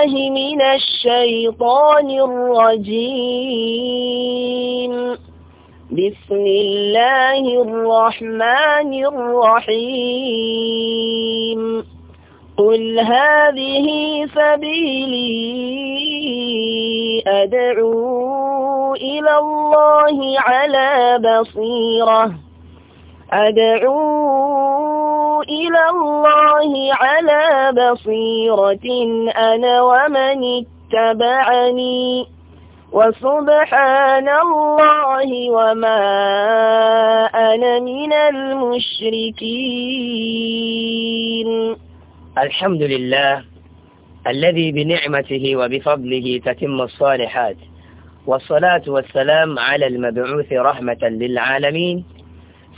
بالله من الشيطان الرجيم بسم الله الرحمن الرحيم قل هذه سبيلي أدعو إلى الله على بصيرة أدعو إلى الله على بصيرة أنا ومن اتبعني وسبحان الله وما أنا من المشركين الحمد لله الذي بنعمته وبفضله تتم الصالحات والصلاة والسلام على المبعوث رحمة للعالمين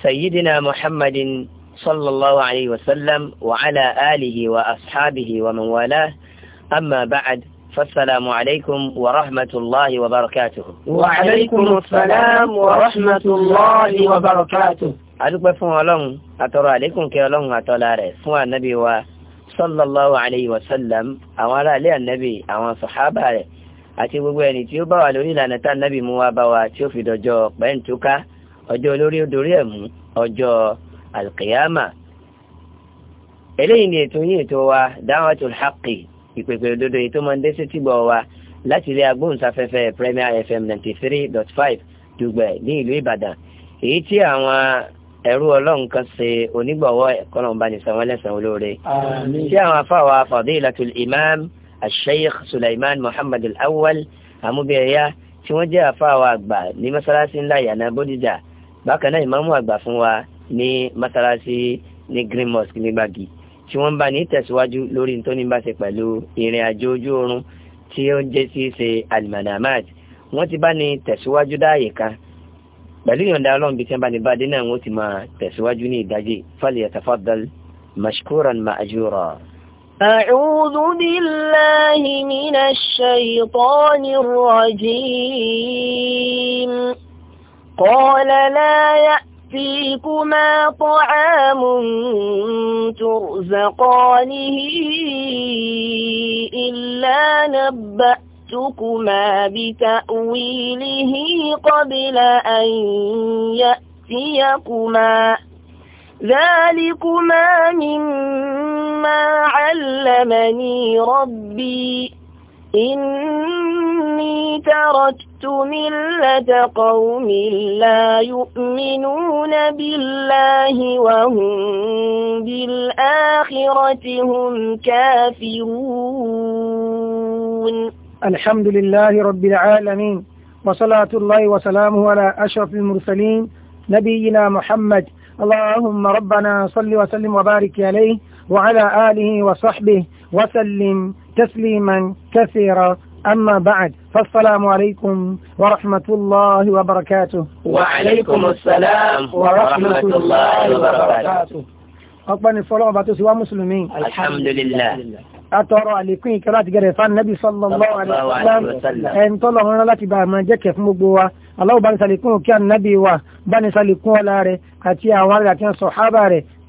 سيدنا محمد صلى الله عليه وسلم وعلى آله وأصحابه ومن والاه أما بعد فالسلام عليكم ورحمة الله وبركاته وعليكم السلام ورحمة الله وبركاته أدوك بفهم ألون أترى عليكم كي ألون أتولاري فون النبي و صلى الله عليه وسلم أولا لي النبي أولا صحابة àti gbogbo ẹni tí ó bá wà lórí ìlànà tá nàbì mú wa bá wa tí alkiyama eléyìí ni ètò yìí tó wa dáwàtul haqqi ìpèpè òdodo ètò máa ń dé sí tìgbọ̀ wa láti ilé agbóhùnsáfẹ́fẹ́ Premier FM ninety three dot five dùgbẹ̀ ní ìlú Ìbàdàn èyí tí àwọn ẹrú ọlọ́run kan ṣe onígbọ̀wọ́ kọ́nàmbanisàn wọn lẹ́sàn-án olóore tí àwọn afáwa fadilatul imam asheikh suleiman muhammad al-awwal tí wọ́n jẹ́ afáwa àgbà ní mọ́sálásí ńlá yànnà bódìjà bákan náà ìmáàmù àgbà fún wa ní mọ́sálásí ní green mosque ní gbàgì tí wọ́n bá ní tẹ̀síwájú lórí tó ní bá ṣe pẹ̀lú ìrìn àjò ojú oorun tí ó ń jẹ́ sí ṣe alimadamat wọ́n ti bá ní tẹ̀síwájú dáàyè kan pẹ̀lú ìyọ̀ǹda ọlọ́run bí tí wọ́n bá ní bá dé náà wọ́n ti máa tẹ̀síwájú ní ìdájí falyatafaddal mashkuran ma'jura. أعوذ بالله من الشيطان الرجيم قال لا يأ يأتيكما طعام ترزقانه إلا نبأتكما بتأويله قبل أن يأتيكما ذلكما مما علمني ربي إني تركت ملة قوم لا يؤمنون بالله وهم بالآخرة هم كافرون الحمد لله رب العالمين وصلاة الله وسلامه على أشرف المرسلين نبينا محمد اللهم ربنا صل وسلم وبارك عليه وعلى آله وصحبه وسلم تسليما كثيرا أما بعد فالسلام عليكم ورحمة الله وبركاته وعليكم السلام ورحمة الله وبركاته أقبل الصلاة وبركاته مسلمين الحمد لله Àtọrọ àlékún ìkẹ́lá àti gẹ̀rẹ̀ fán Nabi sallallahu alaihi wasallam ẹni tọ́lọ̀ ọ̀rọ̀ láti bá àmà jẹ́kẹ̀ fún gbogbo wa. Allahu bá ní sàlékún òkè ànábì wa, bá ní sàlékún ọlá rẹ̀ àti àwọn arìnrìn àti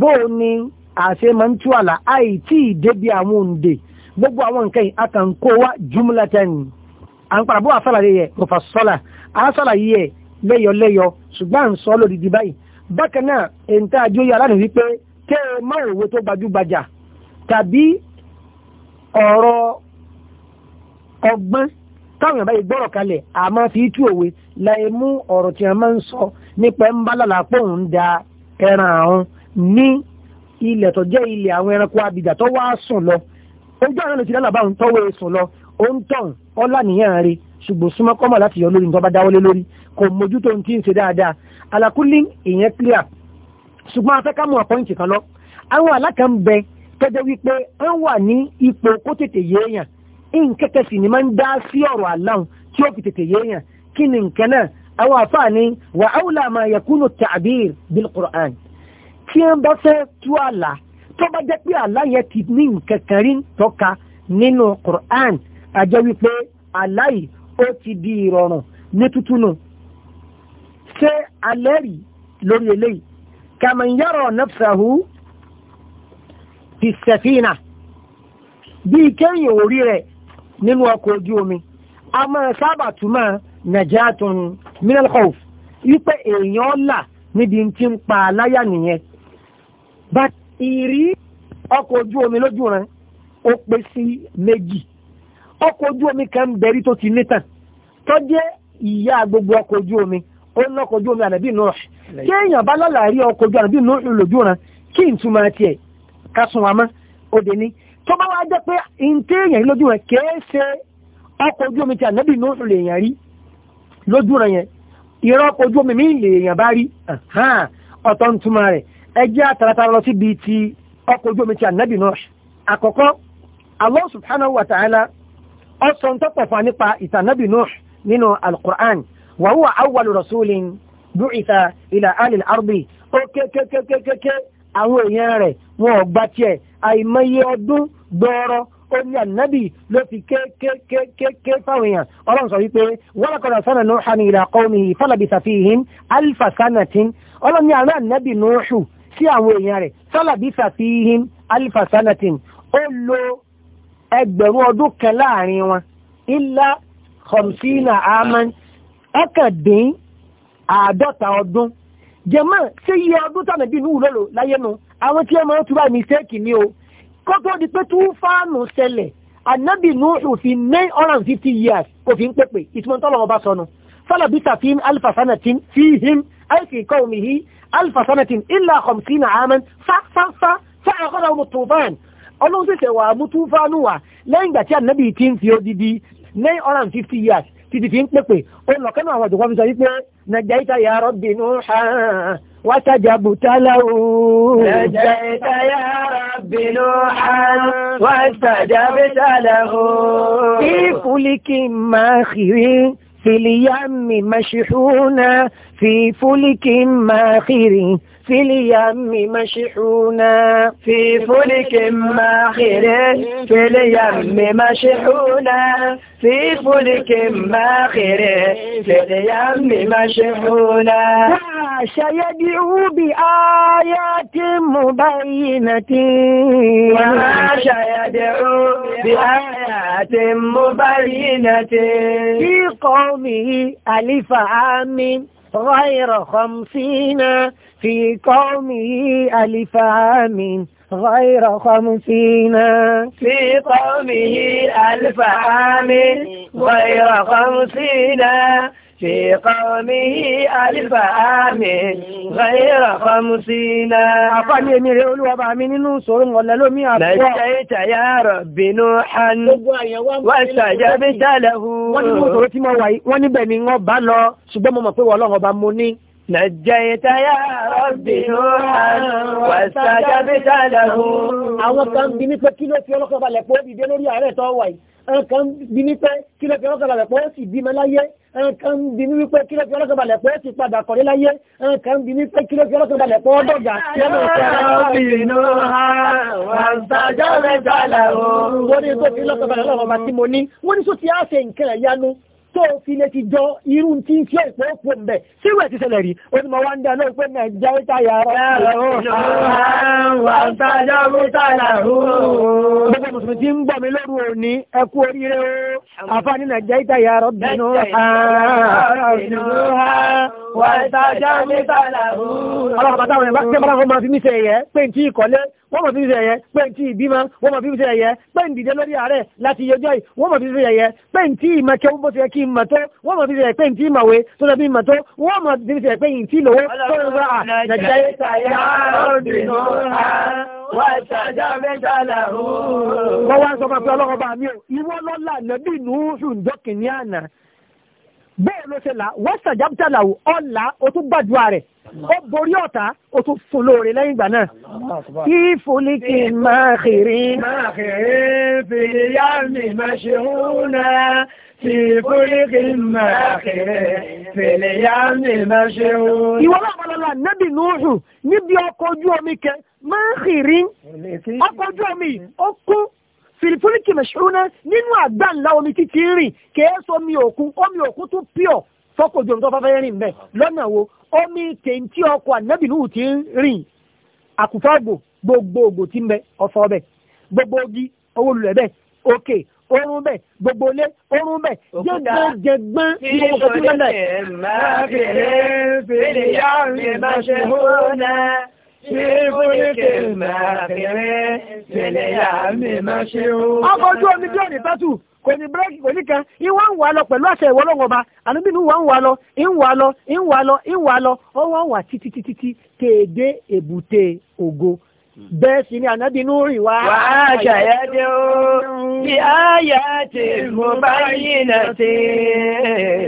bóò ni àṣẹ máa ń tú àlà àìtí ìdébi àwọn òǹdè gbogbo àwọn nǹkan yìí akànkó wa jumlatan à ń padà bó àṣàlàyé yẹ mufassala àṣàlàyé yẹ lẹ́yọlẹ́yọ ṣùgbọ́n à ń sọ lódìdí báyìí bákan náà èntà àjọyọ̀ aláàánú wípé tẹ́ ẹ má òwe tó gbajúgbajà tàbí ọ̀rọ̀ ọgbọ́n táwọn ìyàbá ìgbọ́rọ̀ kalẹ̀ àmọ́ fi tú òwe láì mú ọ̀rọ̀ tí a máa ń sọ nípa ń bá lálàpọ̀ ń da ẹran àrùn ní ilẹ̀ tó jẹ́ ilẹ̀ àwọn ẹranko abìjà tó wá sùn lọ ojú àwọn olùsílẹ̀ làbáwọn tó wé e sùn lọ ó ń tàn ọlá nìyẹn rẹ̀ ṣùgbọ́n súnmọ́ kọ́mọ̀ láti yọ lórí nǹkan bá dáwọ́lé lórí kò mójútó ohun tí ń ṣe dáadáa alákúlé ìyẹn clear ṣùgbọ́n afẹ́ ká mú àpọ́ǹtì kan lọ àwọn alákàn bẹ tọ́jọ́ wípé wọ́n wà ní ipò kó tètè yéèyàn nkẹ́kẹ́ sì ni máa ń dá sí ọ̀rọ̀ aláhùn tí ó fi tètè kí ni nǹkan náà àwọn àfáà wà áwùlà máa tí wọ́n bá fẹ́ tú àlà tó bá jẹ́ pé àlá yẹn ti ní nǹkan rí tọ́ka nínú Qur'an àjọ wípé àlá yìí ó ti di ìrọ̀rùn ní tútúnù ṣé alẹ́ rí lórí eléyìí kàmán yàrá nafsahu fi safina bíi kéèyàn orí rẹ̀ nínú ọkọ̀ ojú omi a sábà túmọ̀ najatun minal khawf wípé èèyàn là níbi tí ń pa aláyà nìyẹn ba ìrí ọkọ̀ ojú omi lójú rẹ̀ ó pé sí méjì ọkọ̀ ojú omi kan bẹ̀rí tó ti nítàn tó jẹ́ ìyá gbogbo ọkọ̀ ojú omi ó ń lọ́kọ̀ ojú omi ànàbí nù rẹ̀ kí èèyàn bá lọ́la rí ọkọ̀ ojú ànàbí nù lójú rẹ̀ kí n túmọ̀ tiẹ̀ ká mọ́ òde tó bá wá jẹ́ pé ojú omi ti nù rí lójú rẹ̀ yẹn ìrọ̀ ọkọ̀ ojú omi mi bá rí ọ̀tọ̀ ẹjẹ́ àtàràtàrà lọ síbi ti ọkọ̀ ojú omi ti ànábì náà àkọ́kọ́ Allah subhanahu wa ta'ala ọsọ ń tọ́pọ̀ fún nípa ìtànábì náà nínú al-Qur'an wa huwa awwalu rasulin bu'itha ila alil ardi ó kékékékékéké àwọn èèyàn rẹ̀ wọn ò gbà tiẹ̀ àìmọye ọdún gbọ́ọ́rọ́ ó ní ànábì ló fi kékékékéké fáwọn èèyàn ọlọ́run sọ wípé wọ́n lọ́kọ̀ọ́dọ̀ sọ́nà Nuhan ila qawmihi falabitha fihim alfa sanatin ọlọ́run ní àárẹ̀ ànábì Nuhu sí àwọn èèyàn rẹ̀ sálàbí sàfihìn alifasanatin ó lo ẹgbẹ̀rún ọdún kan láàrin wọn ilá khamsina aman ẹ̀kàndín àádọ́ta ọdún jẹ́mọ́ sí iye ọdún tàbí inú lọ́lọ́ láyé nu àwọn tí ẹ máa ń túbà mistake ni o kó tó di pé tú fáànù ṣẹlẹ̀ anabi nuhu fi nine hundred and fifty years kò fi ń pèpè ìtumọ̀ tọ́lọ̀ ọba sọnù fọlọ́bí sàfihìn alifasanatin fihim àìsí kọ́ omi yìí ألف سنة إلا خمسين عاما فا فا فا فأخذهم الطوفان ọlọ́run ṣẹ̀ṣẹ̀ wà mú túfánù wà lẹ́yìn ìgbà tí ànábì ti ń fi odidi nine hundred and fifty years títí fi ń pèpè òun lọ̀kẹ́ náà àwọn àjọ̀kọ́ fi sọ wípé nàìjíríà ya rabbi nuhan wa tajabuta lahu. nàìjíríà ya rabbi nuhan wa tajabuta lahu. kí fúlíkì máa kiri. في اليم مشحونا في فلك ماخر في اليم مشحونا في فلك ماخر في اليم مشحونا في فلك ماخر في اليم مشحونا عاش يدعو بآيات مبينة وعاش يدعو بآيات مبينة في قومه ألف عام غير خمسين في قومه ألف عام غير خمسين في قومه ألف عام غير خمسين في قومه ألف عام غير خمسين àfáàní èmi rẹ̀ olúwa bá mi nínú ìṣòro ọ̀lẹ́ lómi àpọ̀. Nàìjíríà ya Rabbi Nuhan wọ́n ṣàjẹ́ bí tẹ́lẹ̀hu. Wọ́n ní ìṣòro tí mo wà yìí, wọ́n níbẹ̀ ni wọ́n bá lọ, ṣùgbọ́n mo mọ̀ pé wọ́n lọ́wọ́ bá mo ní. Nàìjíríà ya Rabbi Nuhan wọ́n ṣàjẹ́ bí tẹ́lẹ̀hu. Àwọn kan bí ní pé kí ló fi ọlọ́kọ̀ balẹ̀ pé ó dìde lórí àárẹ̀ tó wà yìí. Àwọn kan bí ní pé kí ló fi ọlọ́kọ̀ balẹ̀ pé ó sì bímọ láyé ẹnkan ń bi ní wípé kí ló fi ọlọ́kàn balẹ̀ pé ti padà kọ̀rí láyé ẹnkan ń bi ní pé kí ló fi ọlọ́kàn balẹ̀ pé ọdọ̀gà lẹ́nu ìfẹ́ tó fi lè ti jọ irú tí ń ṣe ìpò òpó ń bẹ̀ síwẹ̀ ti ṣẹlẹ̀ rí o ti mọ̀ wá ń dá lóòpé nàìjíríà ó tàyà rọ̀ gbogbo mùsùlùmí tí ń gbọ́ mi lóru òní ẹ kú oríire o àfá ní nàìjíríà ìtàyà rọ̀ bínú ọlọ́pàá táwọn ẹ̀bá tẹ́bàrá ọmọ fi mí ṣe ẹ̀yẹ́ pé ní ìkọ́lé wọ́n mọ̀ fi ṣe ẹ̀yẹ pé tí ìbímọ wọ́n mọ̀ fi ṣe ẹ̀yẹ pé ń dìde lórí ààrẹ láti yọjọ́ yìí wọ́n mọ̀ fi ṣe ẹ̀yẹ pé ń tí ìmọ̀ kẹwọ́n bó ṣe yẹ kí n mọ̀ tó wọ́n mọ̀ fi ṣe ẹ̀yẹ pé ń tí ìmọ̀wé tó lọ bí mọ̀ tó wọ́n mọ̀ fi ṣe ẹ̀yẹ pé ń tí ìlówó tó lọ bá à nàìjíríà yẹ sàyà ọ̀dùnú wọ́n wá sọ bẹ́ẹ̀ ló ṣe là wẹ́sà jábútàlà ọ̀là o tún gbàdúrà rẹ̀ ó borí ọ̀tá o tún fún lóore lẹ́yìn ìgbà náà. kí fúlíkì máa kiri. máa kiri fìyà mi máa ṣe hún náà. Tí fúlíkì máa kiri fìyà mi máa ṣe hún. Ìwọ́n náà balọ̀lá nábì Núhù níbi ọkọ̀ ojú omi kẹ máa kiri ọkọ̀ ojú omi ó kún fìlìfúlìkì mẹ̀ṣúrúnà nínú àgbà ńlá omi títí rìn kèéso omi òkun omi òkun tó pure fọ́kòjò tó fẹ́fẹ́ rìn bẹ́ẹ̀ lọ́nà wo omi tèǹtí ọkọ̀ ànábìnú ti ń rìn àkùfágbò gbogbo ti ń bẹ ọfọ bẹ gbogbo ogi owó lulẹ̀ bẹ òkè orun bẹ gbogbo ilé orun bẹ jẹgbẹjẹgbọn ní gbogbo tó ń bẹ. ọkọ̀ ojú omi bí òní tẹ́tù kò ní bírèkì kò ní kan ìwọ ń wà lọ pẹ̀lú àṣẹ ìwọ lọ́wọ́ ọba ànúbìnú wà ń wà lọ ń lọ ń lọ ń lọ títí títí èbúté ògo bẹ́ẹ̀ sì ni ànábì inú rìn wá. wà á ṣàyẹ́dẹ́ ó bí àyà ti mú báyìí náà ti.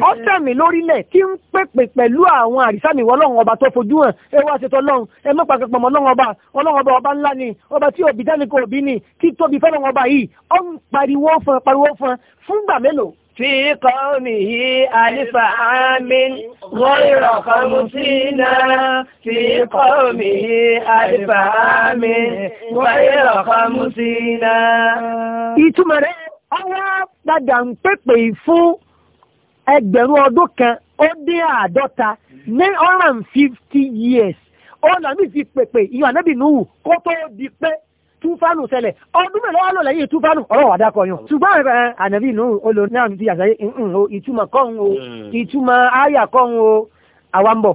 ó tẹ̀mí lórílẹ̀ tí ń pèpè pẹ̀lú àwọn àrísàmì ọlọ́run ọba tó fojú hàn ẹ wá ṣètò ọlọ́run ẹ mọ́ pàṣẹpọ̀ mọ́ ọlọ́run ọba ọlọ́run ọba ọba ńlá ni ọba tí òbí dáníkò òbí ni kí tóbi fẹ́ràn ọba yìí ó ń pariwo fún pariwo fún fúngbà mélòó في قومه ألف عام غير خمسين في قومه ألف عام غير خمسين ìtumọ̀ rẹ̀ ọwọ́ padà ń pèpè fún ẹgbẹ̀rún ọdún kan ó dín àádọ́ta ní one hundred and fifty years ó làmì fi pèpè ìyọ̀ ànábì nùhù kó tó di pé túfánù ṣẹlẹ̀ ọdún mẹ́lẹ̀ wà lọ́lẹ̀ yìí túfánù ọ̀rọ̀ wà dákọ̀ yàn ṣùgbọ́n ẹ̀rẹ̀ ànàbí inú olo náà ti àṣàyè ìtumọ̀ kọ́hún o ìtumọ̀ áyà hmm. kọ́hún o àwa ń bọ̀.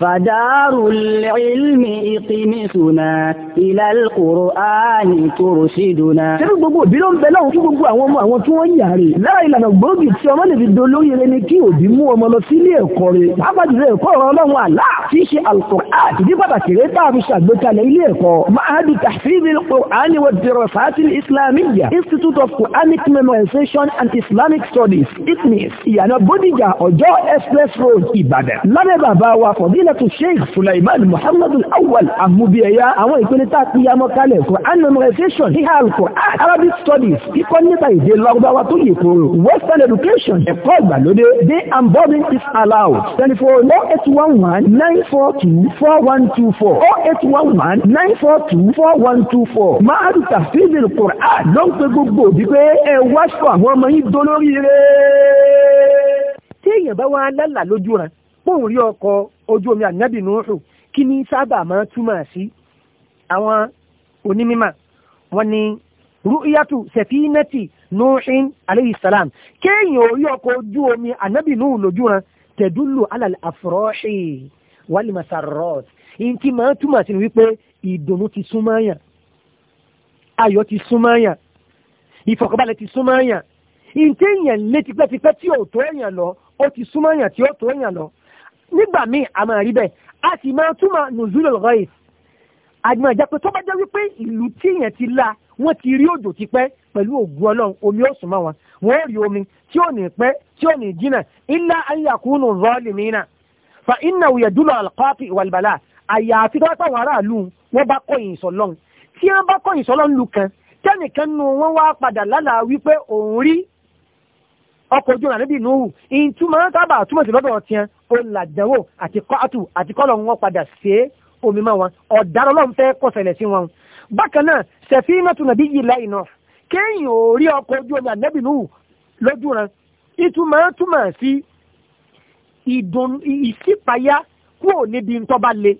فدار العلم اقمتنا إلى القرآن ترشدنا ṣe gbogbo òbí ló ń bẹ láwọn fún gbogbo àwọn ọmọ àwọn tí wọ́n yà rè lára ìlànà gbòógì tí ọmọ lè fi dolóyè rẹ ni kí òbí mú ọmọ lọ sílé ẹ̀kọ́ rẹ pàápàá jùlọ ẹ̀kọ́ ọ̀rọ̀ ọlọ́run àlá tí í ṣe alquran ìdí pàtàkì rẹ tá a fi ṣàgbékalẹ̀ ilé ẹ̀kọ́ mahadu tahfidil quran wa dirasatil islamiyya institute of quranic memorization and islamic studies itnis ìyànà bódìjà ọjọ́ express road ìbàdàn lábẹ́ bàbá wa kọ fadilatu sheikh sulaiman muhammad awwal amubiyaya àwọn ìpele tá a ti yamọ kalẹ̀ kọ anonymization híhá alukọ arabic studies kíkọ́ nípa èdè lọ́gbàwá tó yẹ kóró western education ẹ̀kọ́ ìgbàlódé day and boarding is allowed telephone oh eight one one nine four two four one two four oh eight one one nine four two four one two four mahadu tafsir quran ló ń pe gbogbo òbí pé ẹ wá fún àwọn ọmọ yín dolóríire. téèyàn bá wá lálàá lójú rẹ̀ póun rí ọkọ̀ ojú omi ànábì Nuhu kí ni sábà máa túmọ̀ sí àwọn onímímà wọn ni ru'yatu safinati Nuhin alayhi salam kéèyàn orí ọkọ̀ ojú omi ànábì Nuhu lójú ran tẹ̀dúlù alal afrahi wal masarrat in ti máa túmọ̀ sí wípé ìdùnnú ti súnmọ́ yàn ayọ̀ ti súnmọ́ yàn ìfọ̀kànbalẹ̀ ti súnmọ́ yàn ìtẹ̀yàn létí pẹ́tipẹ́ tí ò tó èèyàn lọ ó ti súnmọ́ èèyàn tí ó tó èèyàn lọ nígbà míì a máa rí bẹ́ẹ̀ a sì máa túmọ̀ nùzúlò lọ́rọ̀ yìí àgbọn ìjà pé tó bá jẹ́ wípé ìlú tí èèyàn ti la wọ́n ti rí òjò ti pẹ́ pẹ̀lú ògùn ọlọ́run omi ó sùn mọ́ wọn wọ́n rí omi tí ò ní pẹ́ tí ò ní jìnnà ilá ayakunu zalimina fa iná òye dúró alqati ìwàlùbàlà àyàfi tó bá pàwọn aráàlú wọn bá kọ̀yìn ìsọlọ́run tí wọ́n bá kọ̀yìn ìsọlọ́run lu kan tẹ́nìkan nu wọn wá padà lálàá wípé òun rí ọkọ̀ ojú ọ̀nà ó làdánwò àti kọ́àtù àti kọ́lọ̀ wọn padà sí omi mọ́ wọn ọ̀daràn lọ́n fẹ́ kọsẹ̀lẹ̀ sí wọn. bákan náà safinatu nabiyyillahi Nuh kéèyàn ò rí ọkọ̀ ojú omi ànábì Nuhu lójú ran ìtumọ̀ túmọ̀ sí ìṣípayá kúrò níbi ntọ́ bá le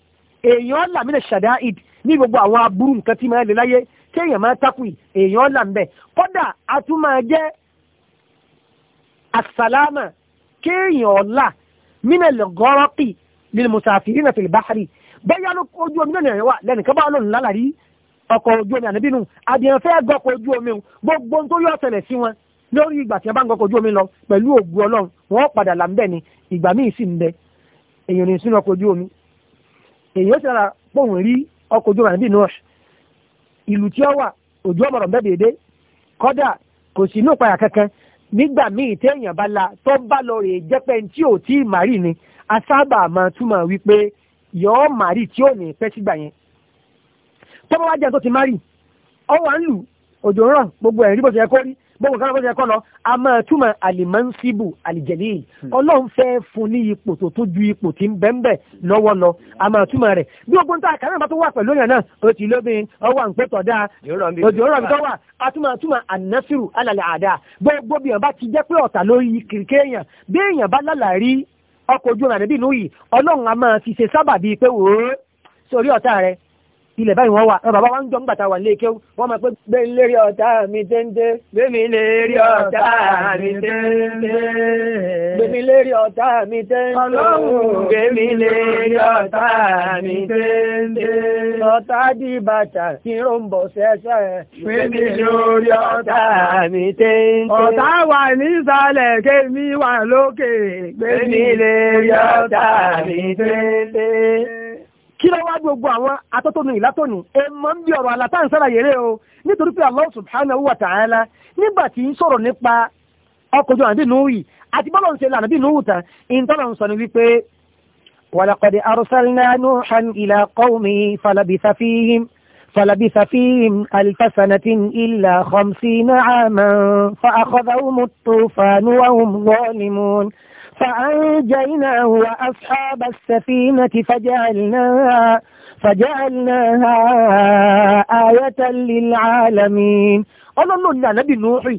èèyàn là mí lè ṣàdá id ní gbogbo àwọn aburú nǹkan tí máa lè láyé kéèyàn máa takù èèyàn là ń bẹ̀ kódà a jẹ́ àsàlámà kéèyàn ọ̀la mínà lè gọ́rọ́pì lílì mùsàfìrí nà fìlì báhárì bẹ́yà ló ojú omi náà wà lẹ́nu kí wọ́n lòun lálàrí ọkọ̀ ojú omi ànábì nù àdìyàn fẹ́ gọ́kọ̀ ojú omi gbogbo tó yọ ọ̀sẹ̀lẹ̀ sí wọn lórí ìgbà tí wọ́n bá ń gọ́kọ̀ ojú omi lọ pẹ̀lú ògùn ọlọ́run wọ́n padà là ń bẹ̀ ni ìgbà míì sì ń bẹ èèyàn ní sínú ọkọ̀ ojú omi èèyàn sì rà pòun rí ọkọ̀ ojú omi ànábì nù ìlú tí ó wà òjò ọmọràn bẹ́ẹ̀ dédé kọ́dà kò sí inú ìpayà kankan nígbà míì téèyàn bá la tó bá lọ rè jẹ́pẹ́ tí ò tí ì màrí ni a sábà máa túmọ̀ wípé yọ̀ọ́ màrí tí ò ní pẹ́ sígbà yẹn tọ́mọ tó ti márì ọwọ́ ń lù òjò ń ràn gbogbo ẹ̀rí bó ti yẹ kó rí gbogbo kan lọ́gbọ́n ẹ̀kọ́ lọ a máa túmọ̀ alimansibu àlìjẹ̀lì hmm. ọlọ́run fẹ́ fún ní ipò tó tó ju ipò tí ń bẹ́ńbẹ̀ lọ́wọ́ lọ a máa túmọ̀ rẹ̀ bí ogun tá a kàrẹ́ bá tó wà pẹ̀lú ìrìn náà o ti lóbin ọwọ́ à ń dáa wà a túmọ̀ túmọ̀ ànásírù alàlẹ́ àdá gbogbo bí èèyàn bá ti jẹ́ pé ọ̀tà lórí kìrìkẹ́ èèyàn bí èèyàn bá ọkọ̀ ojú ọ̀nà àdébìnú yìí ọlọ́run a máa fi ilẹ̀ báyìí wọ́n wà ẹ bàbá wọn ń jọ wà ní ekéwú wọ́n máa pé gbé ń lérí ọ̀tá mi téńté gbé mi lérí ọ̀tá mi téńté gbé mi lérí ọ̀tá mi téńté ọlọ́run gbé mi lérí ọ̀tá mi téńté ọ̀tá di bàtà kí ló ń bọ̀ sẹ́sẹ́ gbé mi lórí ọ̀tá mi téńté ọ̀tá wà nísàlẹ̀ kémi wà lókè gbé mi lérí ọ̀tá mi téńté kí ló wá gbogbo àwọn atótónu ìlátónu ẹ mọ̀ ń bí ọ̀rọ̀ alátàǹsára yèrè o nítorí pé Allah subhanahu wa ta'ala nígbà tí ń sọ̀rọ̀ nípa ọkọ̀jọ àbí nùúyì àti bọ́lọ̀ ń ṣe lànà bí nùúwù tán ìntọ́nà ń sọ ní wípé walaqad arsalna nuhan ila qawmihi falabitha fihim فلبث فيهم ألف سنة إلا خمسين عاما فأخذهم الطوفان وهم ظالمون فأنجيناه وأصحاب السفينة فجعلناها فجعلناها آية للعالمين ọlọ́lọ́ ní ànábì Nuuhu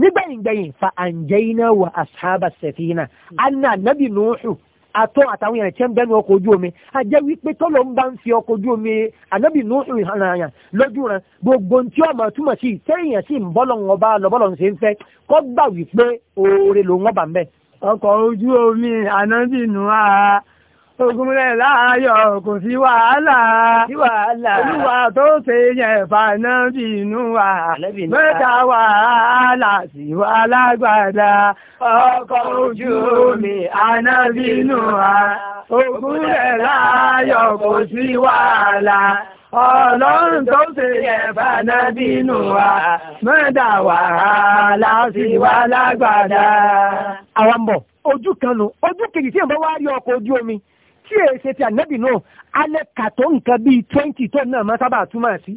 nígbẹ̀yìngbẹ̀yìn fa àǹjẹ́yìnà wà àṣàbà sẹ̀fìnà àná ànábì Nuuhu àtọ́ àtàwọn èèyàn tẹ́ ń bẹ́nu ọkọ̀ ojú omi ajẹ́ wípé tọ́lọ̀ ń bá ń fi ọkọ̀ ojú omi ànábì Nuuhu ìhànàyàn lójú ran gbogbo tí ó máa túmọ̀ sí tẹ́yìn sí ń bọ́lọ̀ ń ọba lọ́bọ́lọ̀ ń ṣe ń fẹ́ kọ́ gbà wípé oore lòun ọba ń bẹ́ẹ̀ ọkọ̀ ojú omi ànábìnú àá ogunlẹ̀ láàyọ̀ kò sí wàhálà olúwa tó ṣe yẹn fàánà bínú wà mẹ́ta wàhálà sí wà lágbàdá ọkọ̀ ojú omi àná bínú wà ogunlẹ̀ láàyọ̀ kò sí wàhálà ọlọ́run tó ṣe ẹ̀fà náà bínú wa mọ́dà wàhálà sí wa lágbàdá. àwọn ojú kan lò ojú kejì tí ìbọn wá rí ọkọ̀ ojú omi tí èyí ṣe ti ànábì náà alẹ́ kàtó nǹkan bíi twenty tó náà máa sábà túmọ̀ sí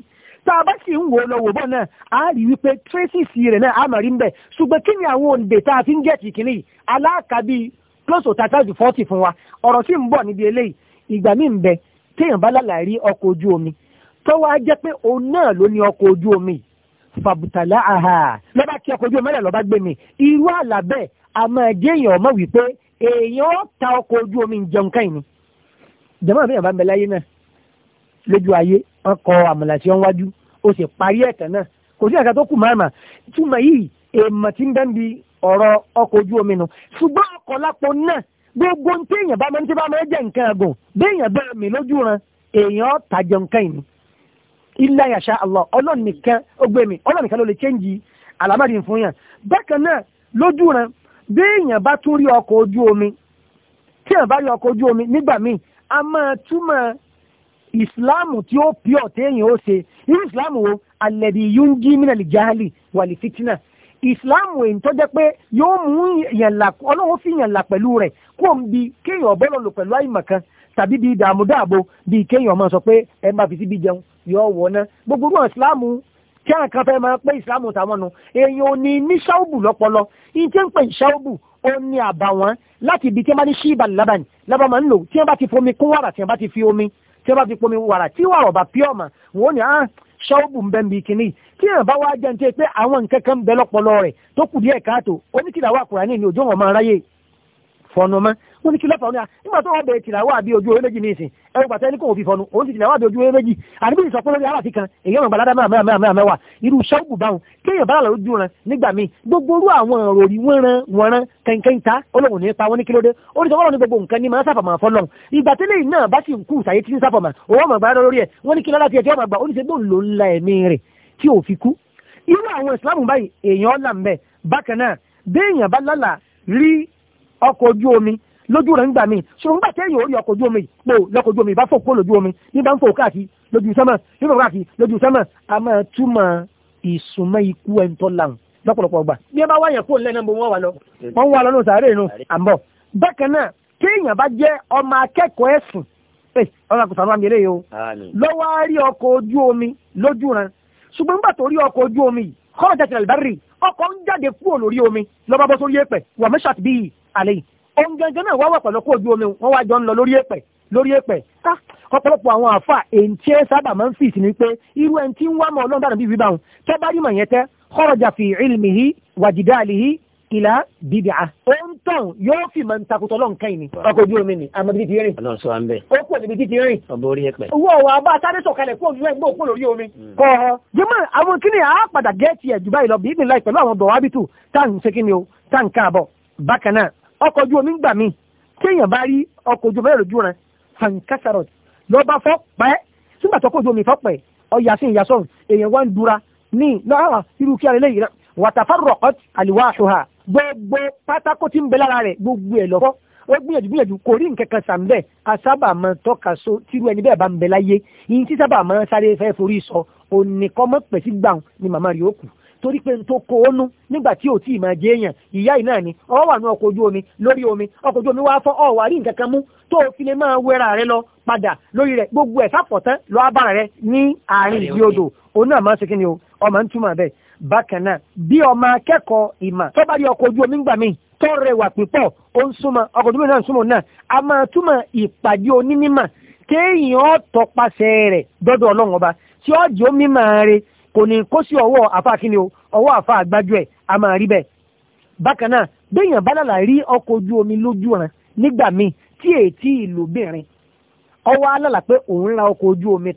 tá a bá sì ń wò lọ wò bọ́ náà a fi ń close to thirty to forty fún wa ọ̀rọ̀ sì ń bọ̀ níbi eléyìí ìgbà míì omi tọ́wọ́ á jẹ́ pé òun náà ló ní ọkọ̀ ojú omi fàbùtàlá àhà lọ́ba kí ọkọ̀ ojú omi rẹ̀ lọ́ba gbé mi irú àlà bẹ́ẹ̀ àmọ́ ẹ̀jẹ̀ èèyàn ọmọ wípé èèyàn ó ta ọkọ̀ ojú omi jẹun káyìn ni jẹ́mọ́ àbí àbá mẹ́láyé náà lójú ayé ọkọ̀ àmàlàṣẹ́ ń wájú ó sì parí ẹ̀tàn náà kò sí àga tó kù máàmà túmọ̀ gbogbo ń bá mọ́ ní bá mọ́ ẹ jẹ́ nǹkan àgùn béèyàn bẹ́ẹ̀ mi lójú ran èèyàn ó ta jẹun ilá ala Allah ọlọ́run nìkan ó gbé mi ọlọ́run nìkan ló lè chẹ́ǹjì àlámàdì fún yàn bákan náà lójú rẹ̀ bí èèyàn bá tún rí ọkọ̀ ojú omi tí èèyàn bá rí ọkọ̀ omi nígbà míì a máa túmọ̀ ìsìláàmù tí ó pí ọ̀tẹ́ èèyàn ó ṣe irú ìsìláàmù wo alẹ́bí yunji jahali wàlí fitina ìsìláàmù èyí tó jẹ́ pé yóò mú yànlá ọlọ́run fi yànlá pẹ̀lú rẹ̀ kó yọ wọ̀ná gbogbo náà ìsìláàmù tí àwọn kan fẹ́ máa pé ìsìláàmù tàwọn nu èèyàn ò ní ní ṣáúbù lọ́pọlọ yìí tí ń pè ṣáúbù ó ní àbàwọ́n láti ibi tí wọ́n bá ní ṣíìbà lábàní lábà máa ń lò tí wọ́n bá ti fomi kún wàrà tí wọ́n bá ti fi omi tí wọ́n bá ti pomi wàrà tí wàrà ọ̀bà pí ọ̀mà wọ́n ní ah ṣọ́ọ̀bù ń bẹ́ ń bi tí èèyàn bá wá jẹun tí pé àwọn nǹkan kan bẹ lọ́pọlọ rẹ̀ tó kù díẹ̀ káàtó oníkìlá wà kùránì ní òjò wọn máa ráyè fọnu mọ́ wọ́n ní kí lọ́pàá ní à ah, nígbà tó wọ́n bẹ̀rẹ̀ tìlàwọ́ àbí ojú orí méjì ní ìsìn ẹrù pàtẹ́ ní kò fi fọnu òun ti tìlàwọ́ àbí ojú orí méjì àdúgbò ìsọ fún lórí aláàfin kan èyí ọ̀nà balada mẹ́wàá mẹ́wàá mẹ́wàá mẹ́wàá irú sẹ́wù báwọn kéèyàn bá lọ lójú ran nígbà míì gbogbo orú àwọn òròrí wọn ran wọn ran kẹ̀kẹ́ ta olóhùn nípa wọn ní kí ló dé ó ní sọ́kọ́rọ̀ ní gbogbo nǹkan ní máa sáfàmà fọlọ́ ìgbà tẹ́lẹ̀ náà bá sì ń kú sàyé tí ń sáfàmà òun ọmọ gbà lórí ẹ̀ wọ́n ní kí lọ́la tiẹ̀ tí ọmọ gbà ó ní sẹ́gbọ́n ló ń la ẹ̀mí rẹ̀ tí ò fi kú irú àwọn ìsìlámù báyìí èèyàn ọ̀là ń bẹ̀ bákan náà béèyàn bá lálàá rí ọkọ̀ ojú omi lójú rẹ̀ ń gbà mí ṣùgbọ́n gbà téèyàn ó rí ọkọ̀ ojú omi pò lọ́kọ̀ ojú omi bá fò kó lójú omi ní bá ń fò káàkiri lójú sánmà yóò fò káàkiri lójú sánmà a máa túmọ̀ ìsúnmọ́ ikú ẹ̀ ń tọ́ làwọn lọ́pọ̀lọpọ̀ gbà. bí ẹ bá wáyàn kó lẹ́nu bó wọ́n wà lọ. wọ́n wà lọ́nà sàárè nu àmọ́ bákan náà téèyàn bá jẹ́ ọmọ akẹ́kọ̀ọ́ ẹ̀sìn ọmọ akọ̀tà máa ń yẹlé o lọ́wọ́ á rí ọkọ̀ ojú omi lójú ran ṣùgbọ́n nígbà tó rí ọkọ̀ ojú omi kọ́ọ̀jà tẹ̀lẹ̀ ọkọ̀ ń jáde kúrò lórí omi lọ́ba bọ́ sórí ẹ̀pẹ̀ wà bíi àlẹ́ yìí ohun gangan náà wá wà pẹ̀lú ọkọ̀ ojú omi wọn wá jọ ń lọ lórí èpẹ̀ lórí èpẹ̀ ká ọ̀pọ̀lọpọ̀ àwọn àfà èyí tí ẹ sábà máa ń fì sí ni pé irú ẹni tí ń wá mọ ọlọ́run dànù bíi wọn tẹ́ bá rí mọ̀ yẹn tẹ́ kọ́rọ̀jà fi ilmihi wàjìdáàlìhi ìlà bíbí a. ohun tán yóò fi máa ń takùtọ̀ lọ́n kẹ́yìn ni. ọkọ̀ ojú omi ni àmọ́ bíbí ti rìn. ọlọ́run àmì bẹ́ẹ̀. ó kò níbi títí rìn. ọbọ̀ orí ẹ̀pẹ̀. owó ọ̀wà bá sáré sọ̀kalẹ̀ fún òṣìṣẹ́ ìgbó òkú lórí omi. Hmm. kọ́ ọ. àwọn kíni àá padà gẹ́ẹ̀tì ẹ̀ jù lọ bí ìpínlẹ̀ pẹ̀lú àwọn bọ̀wábìtù tá à ń ṣe kíni o tá à ń káàbọ̀. bákan náà ọkọ̀ ojú omi ń gbà mí kéèyàn bá rí ọkọ̀ ojú omi lójú rẹ̀ fankasarọ̀ lọ bá fọ́ pẹ́ sígbà tọkọ̀ ojú omi fọ́ pẹ́ ọyà sí ìyá sọ̀rọ̀ èèyàn wá ń dura ní náà irú kí alẹ́ yìí rẹ̀ wàtàfàrọ̀ ọ̀t àlìwá àṣọ wọ́n gbìyànjú gbìyànjú kò rí nǹkan kan sàn bẹ́ẹ̀ a sábà máa tọ́ka so tírú ẹni bẹ́ẹ̀ bá ń bẹ láyé yìí tí sábà máa sáré fẹ́ forí sọ ònìkan mọ́ pẹ̀ sí gbàùn ni màmá rí òkú torí pé n tó kó o nú nígbà tí ò tí ì máa jẹ èèyàn ìyá yìí náà ni ọ wà ní ọkọ̀ ojú omi lórí omi ọkọ̀ ojú omi wá fọ́ ọ wà rí nǹkan kan mú tó o fi lè máa wẹra rẹ lọ padà lórí rẹ gbogbo ẹ̀ sápọ̀tán lọ́ abára rẹ ní àárín ìdí odò òun náà máa ń ṣe kí ni o ọmọ ń túmọ̀ bẹ́ẹ̀ bákan náà bí ọmọ akẹ́kọ̀ọ́ ìmọ̀ tó bá rí ọkọ̀ ojú omi ń gbà míì tó rẹwà pípọ̀ ó ń súnmọ́ ọkọ̀ tó bẹ̀rẹ̀ náà súnmọ́ náà a máa túmọ̀ ìpàdé onímímà kéèyàn tọpasẹ̀ rẹ̀ dọ́dọ̀ ọlọ́run ọba tí ó jẹ́ kò ní kó sí ọwọ́ kíni ọwọ́ àgbájú ẹ̀ a máa rí bẹ́ẹ̀. bákan náà omi lójú ọ̀ràn nígbà míì tí ìlú bìnrin ọwọ́ pé òun ra omi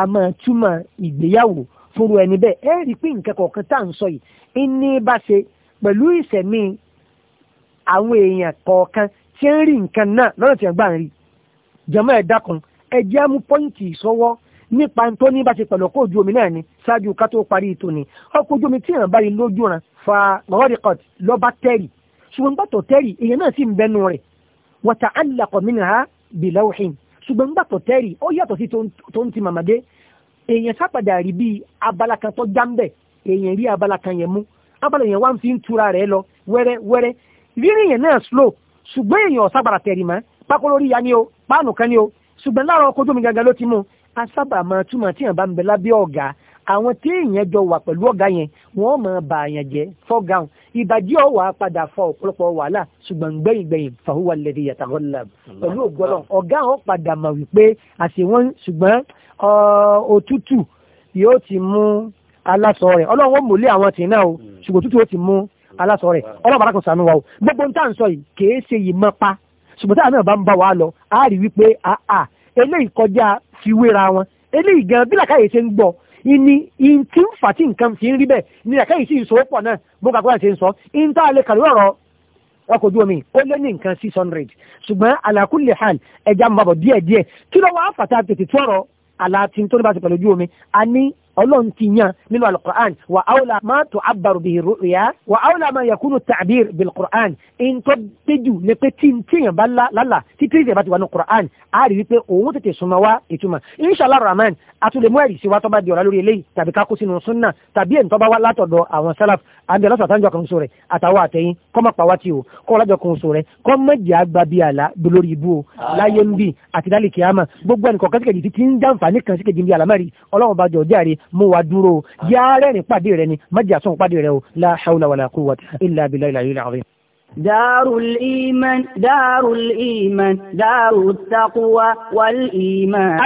a máa túmọ̀ ẹni bẹ́ẹ̀ ẹ rí pé nǹkan kọ̀ọ̀kan tá à ń pẹ̀lú ìṣẹ̀mí àwọn èèyàn kọ̀ọ̀kan tí ń rí nǹkan náà lọ́nà tí wọ́n gbà ń rí jẹ́mọ́ ẹ̀dá kan ẹjẹ́ á mú pọ́ǹtì ìṣọwọ́ nípa tó ní bá ṣe pẹ̀lú ọkọ̀ ojú omi náà ni ṣáájú ká tó parí ètò ni ọkọ̀ ojú omi tí ìrànbá rí lójú ran fa mọ̀wádìí kọ̀t lọ́ba tẹ́rì ṣùgbọ́n gbàtọ̀ tẹ́rì èèyàn náà sì ń bẹnu abala èèyàn wá ń fi ń tura rẹ̀ lọ wẹ́rẹ́ wẹ́rẹ́ rírìn náà slow ṣùgbọ́n èèyàn ọ̀sàgbàrà tẹ̀rì mọ́ pákó ya ni o páànù kan ni o ṣùgbọ́n láàárọ̀ ọkọ̀ ojú mi gangan ló ti mú asábà máa túmọ̀ tí èèyàn bá ń bẹ lábẹ́ ọ̀gá àwọn tí èèyàn jọ wà pẹ̀lú ọ̀gá yẹn wọ́n máa bà àyàn jẹ́ fọ́gáhùn ìbàjẹ́ ọ̀wà padà fọ ọ̀pọ̀lọpọ̀ wàhálà ṣùgbọ́n gbẹ̀yìngbẹ̀yìn fàhùwà lẹ́dí yàtàgọ́lá pẹ̀lú ògbọ́lọ̀ ọ̀gá wọn padà mọ̀ wípé àṣẹ wọn ṣùgbọ́n òtútù yóò ti mú aláṣọ rẹ̀ ọlọ́run ó mòlé àwọn tì náà o hmm. ṣùgbọ́n tútù ó ti mú hmm. aláṣọ rẹ̀ hmm. ọlọ́run bàbá kan sànú wa o gbogbo ń tà ń sọ yìí kèé ṣe yìí mọ́ pa ṣùgbọ́n táwọn náà bá ń bá wa lọ á rí wípé àà eléyìí kọjá fi wéra wọn eléyìí gan bí làkàyè ṣe ń gbọ́ ìní ìntì ń fà tí nǹkan fi ń rí bẹ́ẹ̀ ni làkàyè sì ń so pọ̀ náà bó kàkó àti ń sọ ìntà alẹ́ kàlú ọ̀rọ̀ ọkọ̀ ojú omi ó lé ní nǹkan six hundred ṣùgbọ́n àlàkùnlé hàn ẹja ń bàbọ̀ díẹ̀díẹ̀ kí ló wàá fàtà tètè tó ọ̀rọ̀ àlàtì tó ní bá ti pẹ̀lú ojú omi a ní ọlọ́run ti yan nínú alukur'an wà áwùlà máa tó àbàrò bìí rú'yà wà áwùlà máa yẹ kúrò tàbír bìí alukur'an in tó tẹ́jú ní pé tí tíyàn bá lálà tí tí ìjẹba ti wà ní alukur'an a rí wípé òun tètè súnmọ́ wá ìtumọ̀ inshallah rahman a tún lè mú ẹ̀rí sí wa tó bá di ọ̀rá lórí eléyìí tàbí ká kó sínú súnà tàbí ẹ̀ǹtọ́ bá wá látọ̀dọ̀ àwọn sálàf àbí ọlọ́sọ̀ àtàjọ kan sóre àtàwọn àtẹ̀yìn mú wa dúró yá rẹ́rìn pàdé rẹ ni májà sọ̀hún pàdé rẹ o la hawla wala quwwata illa billahi al-ali دار الإيمان دار الإيمان دار التقوى والإيمان